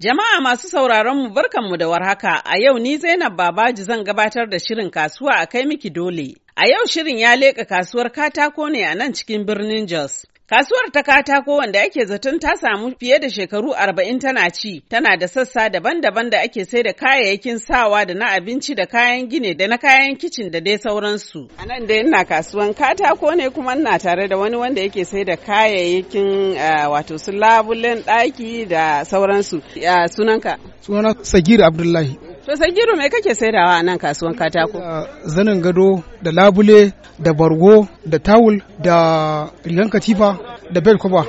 Jama'a masu sauraron mu barkanmu da warhaka a yau ni Zainab Babaji zan gabatar da shirin kasuwa a kai miki dole. A yau shirin ya leƙa kasuwar katako ne a nan cikin birnin Jos. Kasuwar ta katako wanda ake zaton ta samu fiye da shekaru arba'in tana ci, tana da sassa daban-daban da ake sai da kayayyakin sawa da na abinci da kayan gine da na kayan kicin da dai sauransu. A nan dai ina kasuwan katako ne kuma ina tare da wani wanda yake sai da kayayyakin eh, wato su labulen ɗaki da sauransu. Sunanka? Sunana Sagir Abdullahi. To giro mai kake saidawa a nan kasuwan katako? Zanin gado da labule da bargo da tawul da rigan katifa da bel cover.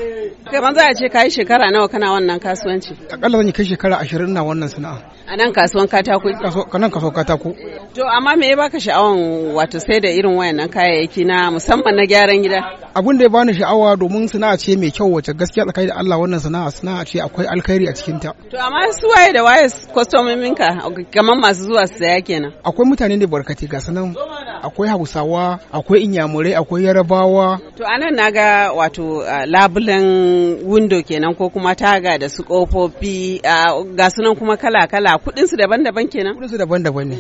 Kai ban za a ce ka yi shekara nawa kana wannan kasuwanci? Akalla zan yi kai shekara ashirin na wannan sana'a. A nan kasuwan katako? Kanan kasuwan katako. To amma me ya baka sha'awan wato sai da irin wayannan kayayyaki na musamman na gyaran gida? Abin da ya bani sha'awa domin sana'a ce mai kyau wacce gaskiya tsakai da Allah wannan sana'a sana'a ce akwai alkhairi a cikin ta. To amma su waye da waye kwastomominka kamar masu zuwa su saya kenan. Akwai mutane ne barkati ga sanan akwai hausawa akwai inyamurai akwai yarabawa to anan naga wato uh, labulen window kenan ko kuma taga da su kofofi uh, ga sunan kuma kala kala kudin su daban-daban kenan kudin su daban-daban ne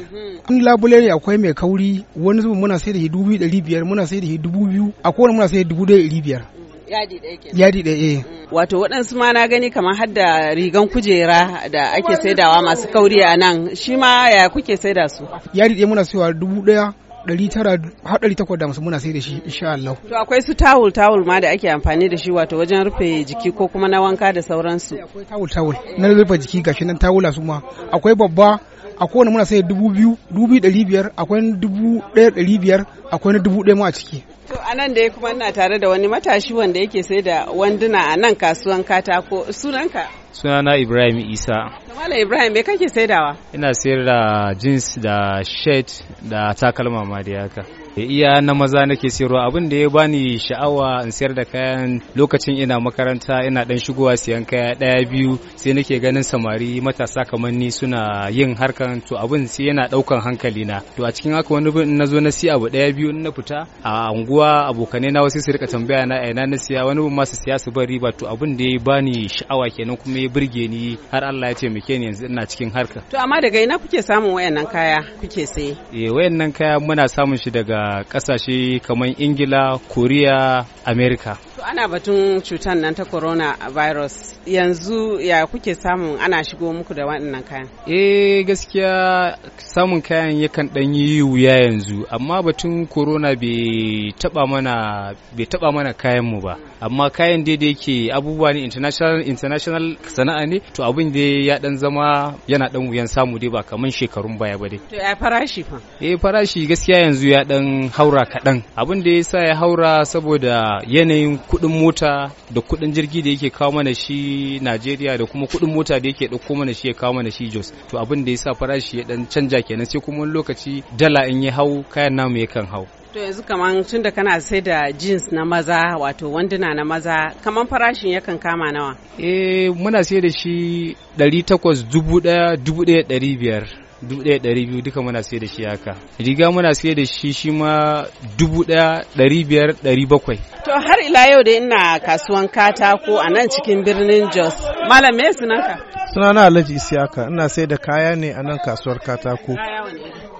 in mhm. labule ne akwai mai kauri wani zubin muna sai da shi dubu ɗari biyar muna sai da dubu biyu akwai wani muna sai da dubu ɗari biyar mm. yadi ɗaya kenan yadi ɗaya eh. mm. wato waɗansu ma na gani kamar har da rigan kujera da ake saidawa masu kauri a nan shi ma ya kuke saida su yadi ɗaya muna saiwa dubu ɗaya 800 da musu muna sai da shi insha Allah. To akwai su tawul tawul ma da ake amfani da shi wato wajen rufe jiki ko kuma na wanka da sauransu. Akwai tawul tawul na rufe jiki gashi nan tawula su ma akwai babba a kowane muna sai dubu biyu dubu ɗari biyar akwai dubu ɗaya ɗari biyar akwai na dubu ɗaya ma a ciki. To a nan dai kuma ina tare da wani matashi wanda yake sai da wanduna a nan kasuwan kata ko sunanka? sunana ibrahim isa kamala ibrahim me kake saidawa ina sayar da jeans da shirt da takalma ma da haka da eh, iya na maza nake siyarwa abin da ya bani sha'awa in siyar da kayan lokacin ina makaranta ina dan shigowa siyan kaya daya biyu sai nake ganin samari matasa kamar ni suna yin harkan to abin sai yana daukan hankali na to a cikin haka wani bin na na siya abu daya biyu in na fita a anguwa abokane na wasu su rika tambaya na aina na siya wani bin masu siya su bari ba to abin da ya bani sha'awa kenan kuma ya burge ni har Allah ya taimake ni yanzu ina cikin harka to amma daga ina kuke samun wayannan kaya kuke sai eh wayannan kaya muna samun shi daga kasashe kamar ingila korea amerika. to ana batun cutar nan ta corona virus yanzu ya kuke samun ana shigo muku da waɗannan kayan eh gaskiya samun kayan yakan ɗan yi wuya yanzu amma batun corona bai taba mana bai taba mana kayan mu ba amma kayan da yake abubuwa ne international international sana'a ne to abin da ya dan zama yana dan wuyan samu dai ba kaman shekarun baya ba dai to ya farashi fa eh farashi gaskiya yanzu ya dan haura kadan abin da yasa ya haura saboda yanayin kudin mota da kudin jirgi da yake kawo mana shi Najeriya da kuma kudin mota da yake dauko mana shi ya kawo mana shi Jos to abin da yasa farashi ya dan canja kenan sai kuma wani lokaci dala in ya hau kayan namu yakan hau To yanzu kaman tun da kana sai da jeans na maza wato wanduna na maza kaman farashin yakan kama nawa? Eh muna sai da shi ɗari takwas dubu ɗaya dubu ɗaya ɗari biyar. dubu ɗaya ɗari biyu duka muna sai da shi haka riga muna sai da shi shi ma dubu ɗaya ɗari biyar ɗari bakwai to har ila yau da ina kasuwan katako a nan cikin birnin jos malam me sunanka sunana alhaji isiyaka ina sai da kaya ne a nan kasuwar katako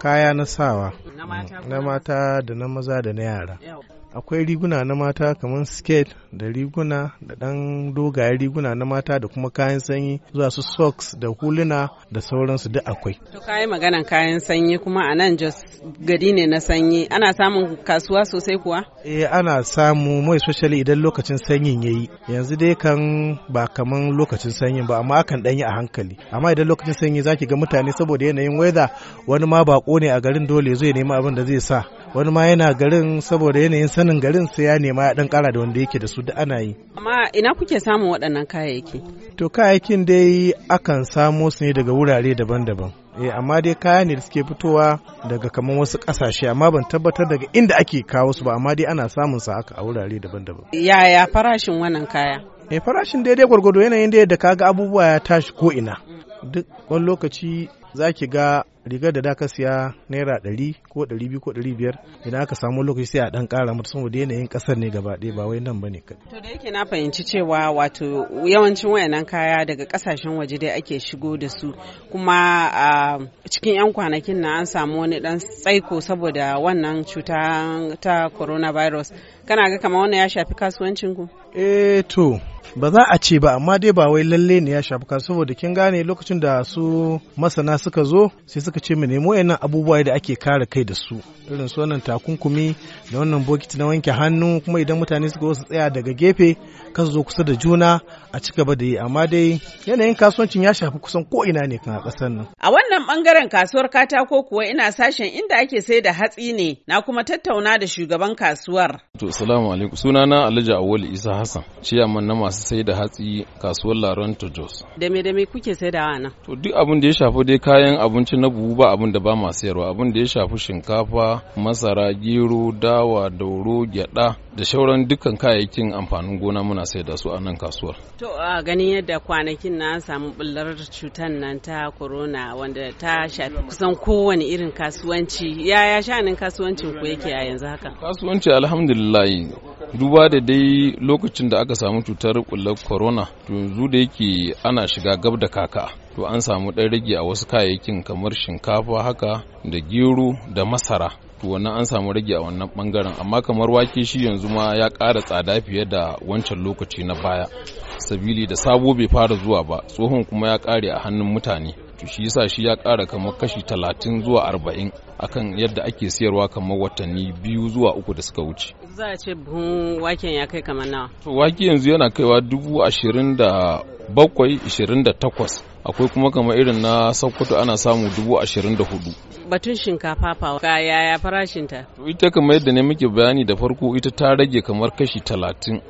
kaya na sawa na mata da na maza da na yara akwai riguna na mata kamar skate da riguna da ɗan dogayen riguna na mata da kuma kayan sanyi zuwa su socks da huluna da sauransu duk akwai. To kayi maganan kayan sanyi kuma a nan Jos gari ne na sanyi ana samun kasuwa sosai kuwa? Eh ana samu mai especially idan lokacin sanyin yayi yanzu dai kan ba kaman lokacin sanyin ba amma akan ɗanyi a hankali amma idan lokacin sanyi zaki ga mutane saboda yanayin weather wani ma bako ne a garin dole zai nemi abin da zai sa wani ma yana garin saboda yanayin sanin garin sai ya nema ya dan kara da wanda yake da su da ana yi amma ina kuke samun waɗannan kayayyaki to kayayyakin dai akan samo su ne daga wurare daban-daban eh amma dai kaya ne da suke fitowa daga kamar wasu kasashe amma ban tabbatar daga inda ake kawo su ba amma dai ana samun sa haka a wurare daban-daban yaya farashin wannan kaya eh farashin daidai gwargwado yanayin da ka kaga abubuwa ya tashi ko ina duk wani lokaci zaki ga rigar da daka siya naira ɗari ko ɗari biyu ko ɗari biyar idan aka samu lokaci sai a ɗan ƙara mata saboda yanayin ƙasar ne gaba ɗaya ba wai nan ba ne. to da yake na fahimci cewa wato yawancin wayannan kaya daga ƙasashen waje dai ake shigo da su kuma a cikin 'yan kwanakin na an samu wani ɗan tsaiko saboda wannan cuta ta coronavirus kana ga kama wannan ya shafi kasuwancin ku eh to ba za a ce ba amma dai ba wai lalle ne ya shafi kasuwa saboda kin gane lokacin da su masana suka zo sai suka ce mu nemo wayannan abubuwa da ake kare kai da su irin su wannan takunkumi da wannan bokiti na wanke hannu kuma idan mutane suka su tsaya daga gefe kan zo kusa da juna a cika ba da yi amma dai yanayin kasuwancin ya shafi kusan ko ina ne kan a kasar nan a wannan bangaren kasuwar katako kuwa ina sashen inda ake sai da hatsi ne na kuma tattauna da shugaban kasuwar Assalamu alaikum. Sunana Alhaji Awali Isa Hassan, ciyaman na masu sai da hatsi kasuwar Laron Jos. Da me da me kuke sai da ana? To duk abin da ya shafi dai kayan abinci na buhu ba abin da ba ma sayarwa, abin da ya shafi shinkafa, masara, gero, dawa, dauro, gyada, da shauran dukkan kayayyakin amfanin gona muna sai da su a nan kasuwar. To a ganin yadda kwanakin na samu bullar cutar nan ta corona wanda ta shafi kusan kowane irin kasuwanci yaya sha'anin kasuwancin ku yake a yanzu haka? Kasuwanci alhamdulillah duba da dai lokacin da aka samu cutar bullar corona to yanzu da yake ana shiga gab da kaka. to an samu ɗan rage a wasu kayayyakin kamar shinkafa haka da gero da masara to wannan an samu rage a wannan bangaren amma kamar wake shi yanzu ma ya ƙara tsada fiye da wancan lokaci na baya sabili da sabo bai fara zuwa ba tsohon kuma ya ƙare a hannun mutane to shi yasa shi ya ƙara kamar kashi talatin zuwa arba'in akan yadda ake siyarwa kamar watanni biyu zuwa uku da suka wuce za a ce buhun waken ya kai kamar nawa to wake yanzu yana kaiwa dubu ashirin da bakwai ashirin da takwas akwai kuma kamar irin na sokoto ana samu dubu ashirin da hudu batun shinkafa fa ga yaya farashin to ita kamar yadda ne muke bayani da farko ita ta rage kamar kashi talatin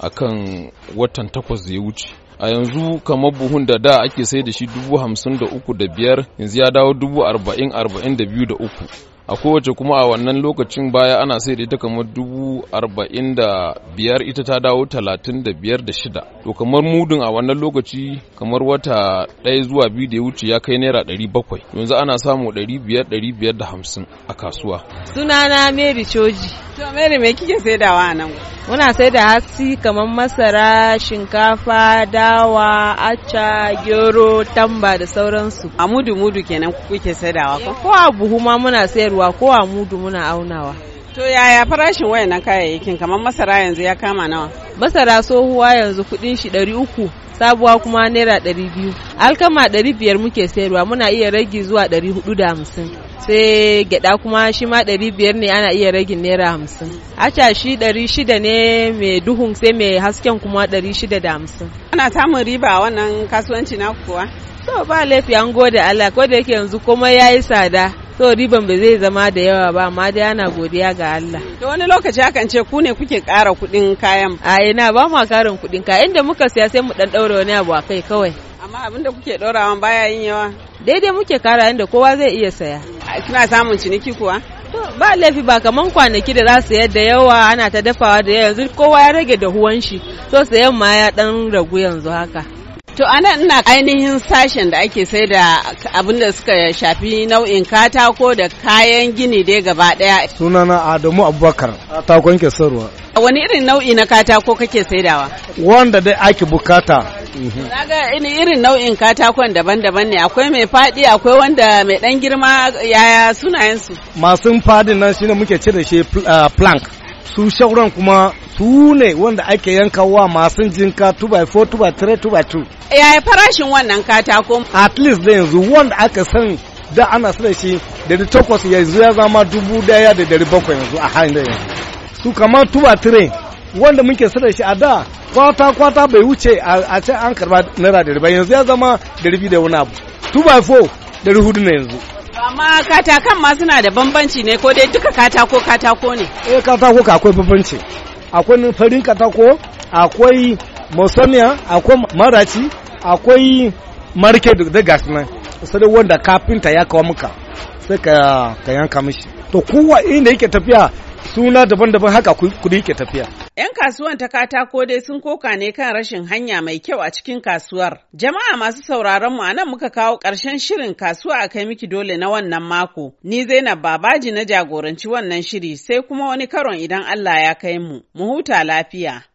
akan watan takwas da ya wuce a yanzu kamar buhun da da ake sai da shi dubu hamsin da uku da biyar yanzu ya dawo dubu arba'in arba'in da biyu da uku a kowace kuma a wannan lokacin baya ana sai da ita kamar dubu arba'in da biyar ita ta dawo talatin da biyar da shida to kamar mudun a wannan lokaci kamar wata ɗaya zuwa biyu da ya wuce ya kai naira ɗari bakwai yanzu ana samu ɗari biyar ɗari biyar da hamsin a kasuwa sunana mary choji to mary me kike saidawa a nan muna sai da hatsi kamar masara shinkafa dawa acca gero tamba da sauransu a mudu mudu kenan kuke saidawa eh. ko a buhu ma muna sayarwa aunawa ko a mudu muna aunawa to yaya farashin wayannan kayayyakin kamar masara yanzu ya kama nawa masara tsohuwa yanzu kuɗin shi ɗari uku sabuwa kuma naira ɗari biyu alkama ɗari biyar muke sayarwa muna iya ragi zuwa ɗari hudu da hamsin sai gyada kuma shi ma ɗari biyar ne ana iya ragin naira hamsin aca shi ɗari shida ne mai duhun sai mai hasken kuma ɗari shida da hamsin ana samun riba a wannan kasuwanci na kuwa to ba laifi an gode Allah ko da yake yanzu komai yi tsada so riban ba zai zama da yawa ba amma dai ana godiya ga Allah da wani lokaci hakan ce ku ne kuke ƙara kuɗin kayan a ina ba mu ƙarin kuɗin kayan inda muka siya sai mu dan ɗaura wani abu a kai kawai amma abinda kuke ɗaurawa baya yin yawa daidai muke ƙara, inda kowa zai iya saya kina samun ciniki kuwa ba laifi ba kaman kwanaki da za su yadda yawa ana ta dafawa da yanzu kowa ya rage da huwan shi so sayan ma ya dan ragu yanzu haka To ana ina ainihin sashen da ake sai da abin da suka shafi nau'in katako da kayan gini dai gaba daya. Sunana Adamu Abubakar, katakon ke sarwa. Wani irin nau'i na katako kake saidawa? Wanda dai ake bukata. Mhm. Naga irin nau'in katakon daban-daban ne akwai mai faɗi akwai wanda mai ɗan girma yaya sunayensu. Masu fadin nan shine muke ce da shi ah, plank. su shauran kuma su ne wanda ake yankawa masu jinka 2x4 2x3 2x2 yaya farashin wannan katako at least da yanzu wanda aka san da ana sada shi da takwas yanzu ya zama dubu daya da dari bakwai yanzu a halin da yanzu su kama 2x3 wanda muke sada shi a da kwata kwata bai wuce a can an karba naira dari ba yanzu ya zama dari biyu da wani abu 2x4 dari hudu na yanzu amma katakan ma suna da bambanci ne ko dai duka katako katako ne eh katako ka akwai bambanci akwai farin katako akwai musamman akwai maraci akwai market da gas nan sai wanda kafinta ya kawo muka sai ka yanka mishi to kowa inda yake tafiya suna daban-daban haka ku rike tafiya. 'Yan kasuwan ta katako dai sun koka ne kan rashin hanya mai kyau a cikin kasuwar. Jama'a masu sauraron mu anan muka kawo ƙarshen shirin kasuwa a kai miki dole na wannan mako. Ni Zainab Babaji na jagoranci wannan shiri sai kuma wani karon idan Allah ya kai mu. Mu huta lafiya.